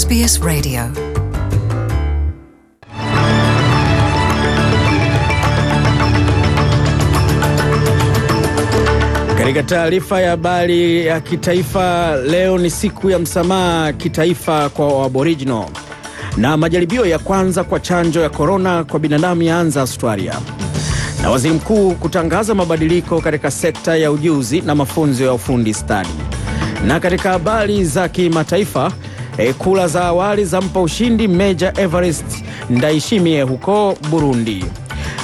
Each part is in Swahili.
SBS Radio Katika taarifa ya habari ya kitaifa leo, ni siku ya msamaha kitaifa kwa Aboriginal, na majaribio ya kwanza kwa chanjo ya korona kwa binadamu yaanza Australia, na waziri mkuu kutangaza mabadiliko katika sekta ya ujuzi na mafunzo ya ufundi stadi. Na katika habari za kimataifa, E, kula za awali zampa ushindi Meja everest Ndaishimie huko Burundi.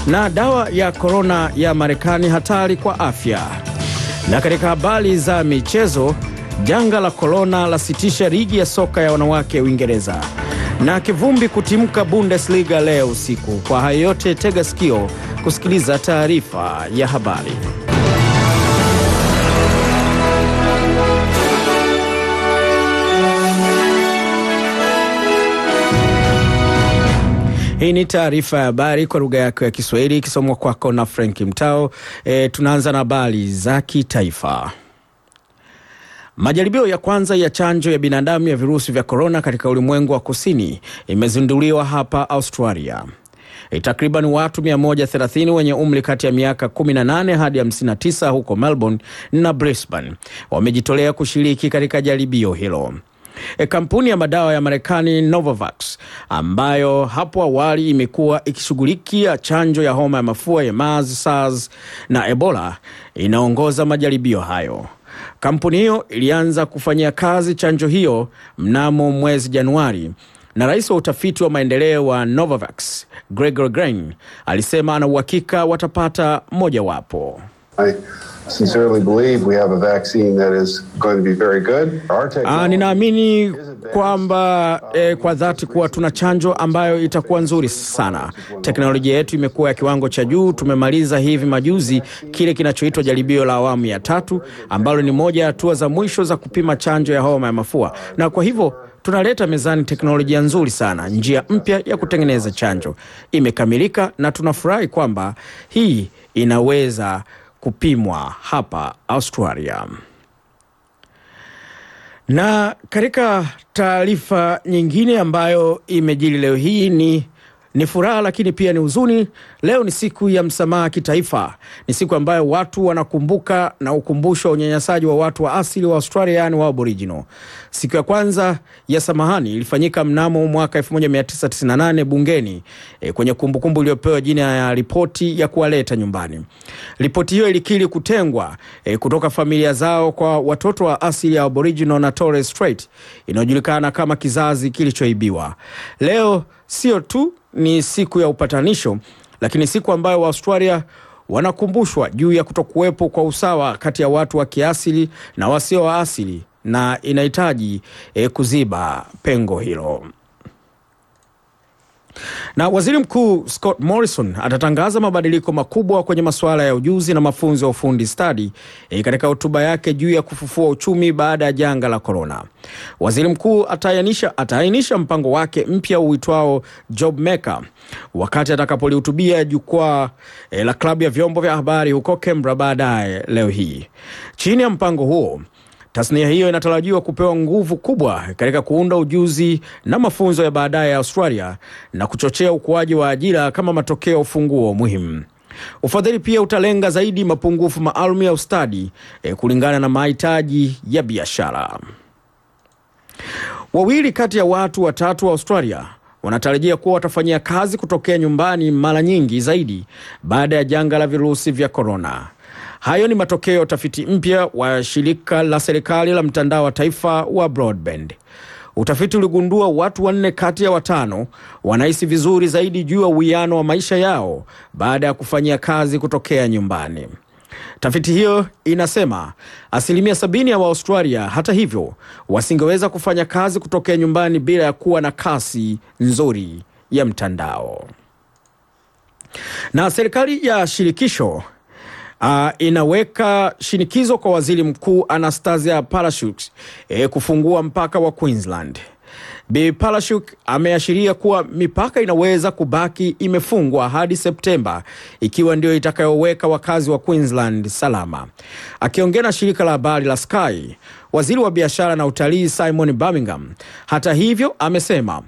Na dawa ya korona ya Marekani hatari kwa afya. Na katika habari za michezo, janga la korona lasitisha ligi ya soka ya wanawake Uingereza na kivumbi kutimka Bundesliga leo usiku. Kwa hayo yote, tega sikio kusikiliza taarifa ya habari. Hii ni taarifa ya habari kwa lugha yako ya Kiswahili ikisomwa kwako na Frank Mtao. E, tunaanza na habari za kitaifa. Majaribio ya kwanza ya chanjo ya binadamu ya virusi vya korona katika ulimwengu wa kusini imezinduliwa hapa Australia. E, takriban watu 130 wenye umri kati ya miaka 18 hadi 59 huko Melbourne na Brisbane wamejitolea kushiriki katika jaribio hilo. E, kampuni ya madawa ya Marekani Novavax ambayo hapo awali imekuwa ikishughulikia chanjo ya homa ya mafua ya MERS, SARS na Ebola inaongoza majaribio hayo. Kampuni hiyo ilianza kufanyia kazi chanjo hiyo mnamo mwezi Januari, na rais wa utafiti wa maendeleo wa Novavax Gregor Grain alisema ana uhakika watapata mojawapo. Sincerely believe we have a vaccine that is going to be very good. Our technology... Ah, ninaamini kwamba eh, kwa dhati kuwa tuna chanjo ambayo itakuwa nzuri sana. Teknolojia yetu imekuwa ya kiwango cha juu. Tumemaliza hivi majuzi kile kinachoitwa jaribio la awamu ya tatu, ambalo ni moja ya hatua za mwisho za kupima chanjo ya homa ya mafua, na kwa hivyo tunaleta mezani teknolojia nzuri sana, njia mpya ya kutengeneza chanjo imekamilika, na tunafurahi kwamba hii inaweza kupimwa hapa Australia. Na katika taarifa nyingine ambayo imejiri leo hii ni ni furaha lakini pia ni huzuni. Leo ni siku ya msamaha kitaifa, ni siku ambayo watu wanakumbuka na ukumbusho wa unyanyasaji wa watu wa asili wa Australia, yani wa Aboriginal. Siku ya kwanza ya samahani ilifanyika mnamo mwaka 1998 bungeni, e, kwenye kumbukumbu iliyopewa jina ya ripoti ya kuwaleta nyumbani. Ripoti hiyo ilikiri kutengwa e, kutoka familia zao kwa watoto wa asili ya Aboriginal na Torres Strait inayojulikana kama kizazi kilichoibiwa. Leo sio tu ni siku ya upatanisho, lakini siku ambayo Waaustralia wanakumbushwa juu ya kutokuwepo kwa usawa kati ya watu wa kiasili na wasio wa asili na inahitaji eh, kuziba pengo hilo. Na Waziri Mkuu Scott Morrison atatangaza mabadiliko makubwa kwenye masuala ya ujuzi na mafunzo ya ufundi stadi e, katika hotuba yake juu ya kufufua uchumi baada ya janga la korona. Waziri Mkuu ataainisha mpango wake mpya uitwao Job Maker wakati atakapolihutubia jukwaa e, la klabu ya vyombo vya habari huko Canberra baadaye leo hii. Chini ya mpango huo Tasnia hiyo inatarajiwa kupewa nguvu kubwa katika kuunda ujuzi na mafunzo ya baadaye ya Australia na kuchochea ukuaji wa ajira kama matokeo ya ufunguo muhimu. Ufadhili pia utalenga zaidi mapungufu maalum ya ustadi eh, kulingana na mahitaji ya biashara. Wawili kati ya watu watatu wa Australia wanatarajia kuwa watafanyia kazi kutokea nyumbani mara nyingi zaidi baada ya janga la virusi vya korona. Hayo ni matokeo ya utafiti mpya wa shirika la serikali la mtandao wa taifa wa broadband. Utafiti uligundua watu wanne kati ya watano wanahisi vizuri zaidi juu ya uwiano wa maisha yao baada ya kufanyia kazi kutokea nyumbani. Tafiti hiyo inasema asilimia sabini ya Waaustralia, hata hivyo, wasingeweza kufanya kazi kutokea nyumbani bila ya kuwa na kasi nzuri ya mtandao. Na serikali ya shirikisho uh, inaweka shinikizo kwa waziri mkuu Anastasia Palaszczuk eh, kufungua mpaka wa Queensland. Bi Palaszczuk ameashiria kuwa mipaka inaweza kubaki imefungwa hadi Septemba ikiwa ndio itakayoweka wakazi wa Queensland salama. Akiongea na shirika la habari la Sky, waziri wa biashara na utalii Simon Birmingham, hata hivyo, amesema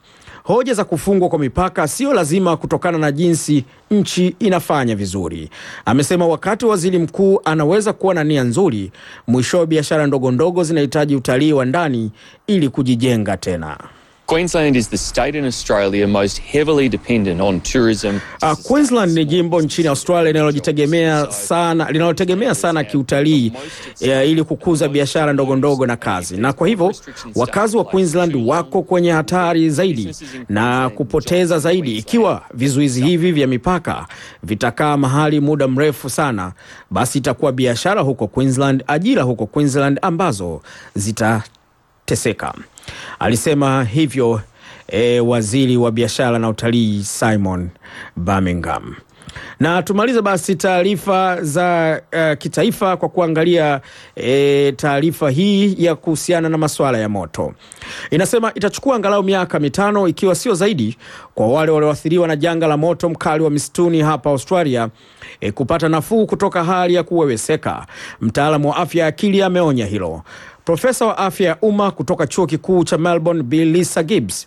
hoja za kufungwa kwa mipaka sio lazima kutokana na jinsi nchi inafanya vizuri. Amesema wakati waziri mkuu anaweza kuwa na nia nzuri, mwisho wa biashara ndogo ndogo zinahitaji utalii wa ndani ili kujijenga tena. Queensland is the state in Australia most heavily dependent on tourism. Uh, Queensland ni jimbo nchini Australia linalojitegemea sana, linalotegemea sana kiutalii eh, ili kukuza biashara ndogo ndogo na kazi, na kwa hivyo wakazi wa Queensland wako kwenye hatari zaidi na kupoteza zaidi ikiwa vizuizi hivi vya mipaka vitakaa mahali muda mrefu sana, basi itakuwa biashara huko Queensland, ajira huko Queensland ambazo zita kuteseka. Alisema hivyo e, waziri wa biashara na utalii Simon Birmingham. Na tumaliza basi taarifa za uh, kitaifa kwa kuangalia e, taarifa hii ya kuhusiana na masuala ya moto. Inasema itachukua angalau miaka mitano ikiwa sio zaidi kwa wale walioathiriwa na janga la moto mkali wa misituni hapa Australia e, kupata nafuu kutoka hali ya kuweweseka. Mtaalamu wa afya ya akili ameonya hilo. Profesa wa afya ya umma kutoka chuo kikuu cha Melbourne, Bilisa gibs Gibbs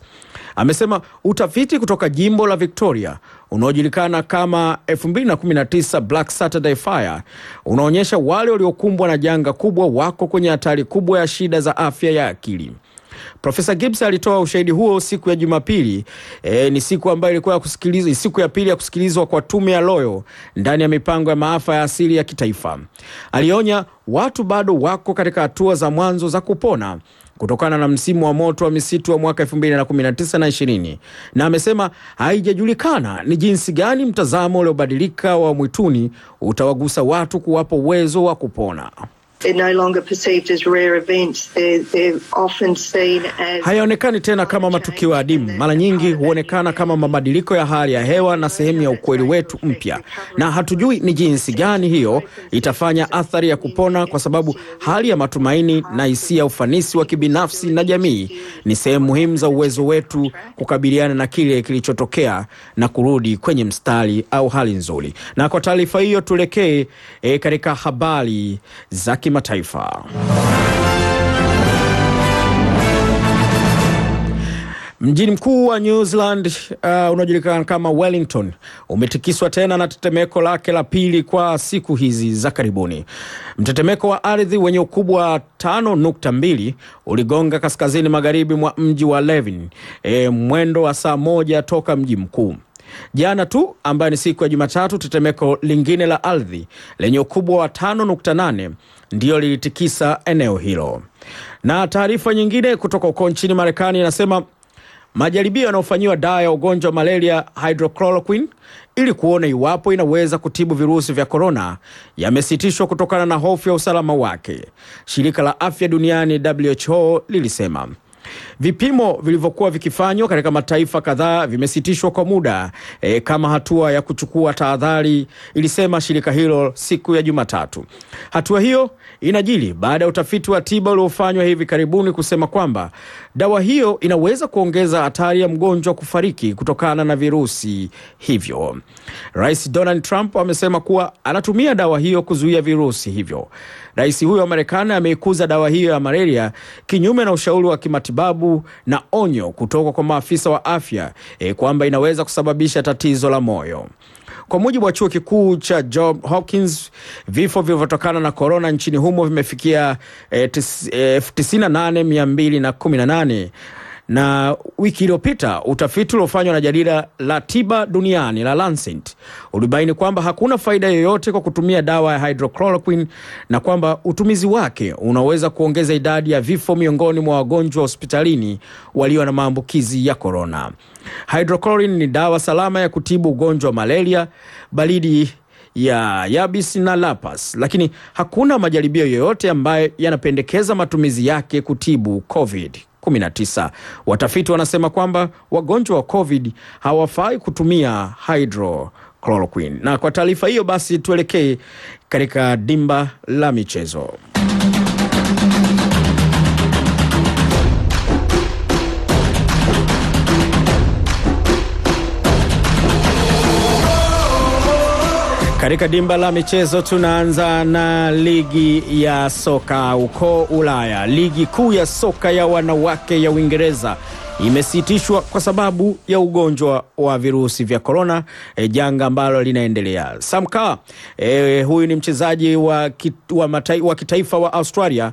amesema utafiti kutoka jimbo la Victoria unaojulikana kama 2019 Black Saturday Fire unaonyesha wale waliokumbwa na janga kubwa wako kwenye hatari kubwa ya shida za afya ya akili. Profesa Gibbs alitoa ushahidi huo siku ya Jumapili. E, ni siku ambayo ilikuwa ya kusikilizwa, siku ya pili ya kusikilizwa kwa tume ya Loyo ndani ya mipango ya maafa ya asili ya kitaifa. Alionya watu bado wako katika hatua za mwanzo za kupona kutokana na msimu wa moto wa misitu wa mwaka 2019 na 20 na amesema haijajulikana ni jinsi gani mtazamo uliobadilika wa mwituni utawagusa watu kuwapa uwezo wa kupona. No longer perceived as rare events. They're, they're often seen as... hayaonekani tena kama matukio adimu. Mara nyingi huonekana kama mabadiliko ya hali ya hewa na sehemu ya ukweli wetu mpya, na hatujui ni jinsi gani hiyo itafanya athari ya kupona, kwa sababu hali ya matumaini na hisia ya ufanisi wa kibinafsi na jamii ni sehemu muhimu za uwezo wetu kukabiliana na kile kilichotokea na kurudi kwenye mstari au hali nzuri. Na kwa taarifa hiyo tuelekee eh, katika habari za kimataifa. Mjini mkuu wa New Zealand uh, unaojulikana kama Wellington umetikiswa tena na tetemeko lake la pili kwa siku hizi za karibuni. Mtetemeko wa ardhi wenye ukubwa wa 5.2 uligonga kaskazini magharibi mwa mji wa Levin e, mwendo wa saa moja toka mji mkuu. Jana tu ambayo ni siku ya Jumatatu, tetemeko lingine la ardhi lenye ukubwa wa 5.8 ndiyo lilitikisa eneo hilo. Na taarifa nyingine kutoka huko nchini Marekani inasema majaribio yanayofanyiwa dawa ya ugonjwa wa malaria hydrochloroquine ili kuona iwapo inaweza kutibu virusi vya korona yamesitishwa kutokana na hofu ya usalama wake, shirika la afya duniani WHO lilisema. Vipimo vilivyokuwa vikifanywa katika mataifa kadhaa vimesitishwa kwa muda e, kama hatua ya kuchukua tahadhari, ilisema shirika hilo siku ya Jumatatu. Hatua hiyo inajili baada ya utafiti wa tiba uliofanywa hivi karibuni kusema kwamba dawa hiyo inaweza kuongeza hatari ya mgonjwa kufariki kutokana na virusi hivyo. Rais Donald Trump amesema kuwa anatumia dawa hiyo kuzuia virusi hivyo. Rais huyo wa Marekani ameikuza dawa hiyo ya malaria kinyume na ushauri wa kimatibabu matibabu na onyo kutoka kwa maafisa wa afya e, kwamba inaweza kusababisha tatizo la moyo. Kwa mujibu wa chuo kikuu cha John Hopkins, vifo vilivyotokana na korona nchini humo vimefikia 98218 e, na wiki iliyopita utafiti uliofanywa na jarida la tiba duniani la Lancet ulibaini kwamba hakuna faida yoyote kwa kutumia dawa ya hydrochloroquine na kwamba utumizi wake unaweza kuongeza idadi ya vifo miongoni mwa wagonjwa hospitalini walio na maambukizi ya korona. Hydrochloroquine ni dawa salama ya kutibu ugonjwa wa malaria, baridi ya yabis na lapas, lakini hakuna majaribio yoyote ambayo yanapendekeza matumizi yake kutibu COVID. 19 Watafiti wanasema kwamba wagonjwa wa COVID hawafai kutumia hydrochloroquine. Na kwa taarifa hiyo basi tuelekee katika dimba la michezo. Katika dimba la michezo tunaanza na ligi ya soka huko Ulaya. Ligi kuu ya soka ya wanawake ya Uingereza imesitishwa kwa sababu ya ugonjwa wa virusi vya korona, e, janga ambalo linaendelea. Sam Kerr e, huyu ni mchezaji wa, kit, wa, matai, wa kitaifa wa Australia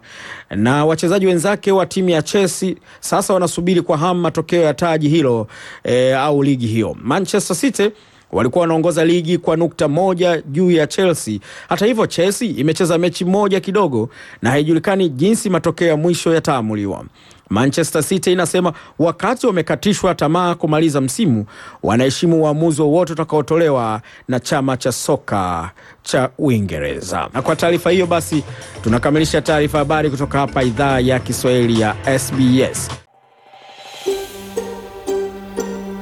na wachezaji wenzake wa timu ya Chelsea sasa wanasubiri kwa hamu matokeo ya taji hilo e, au ligi hiyo. Manchester City walikuwa wanaongoza ligi kwa nukta moja juu ya Chelsea. Hata hivyo, Chelsea imecheza mechi moja kidogo na haijulikani jinsi matokeo ya mwisho yataamuliwa. Manchester City inasema wakati wamekatishwa tamaa kumaliza msimu, wanaheshimu uamuzi wowote utakaotolewa na chama cha soka cha Uingereza. Na kwa taarifa hiyo basi tunakamilisha taarifa habari kutoka hapa idhaa ya Kiswahili ya SBS.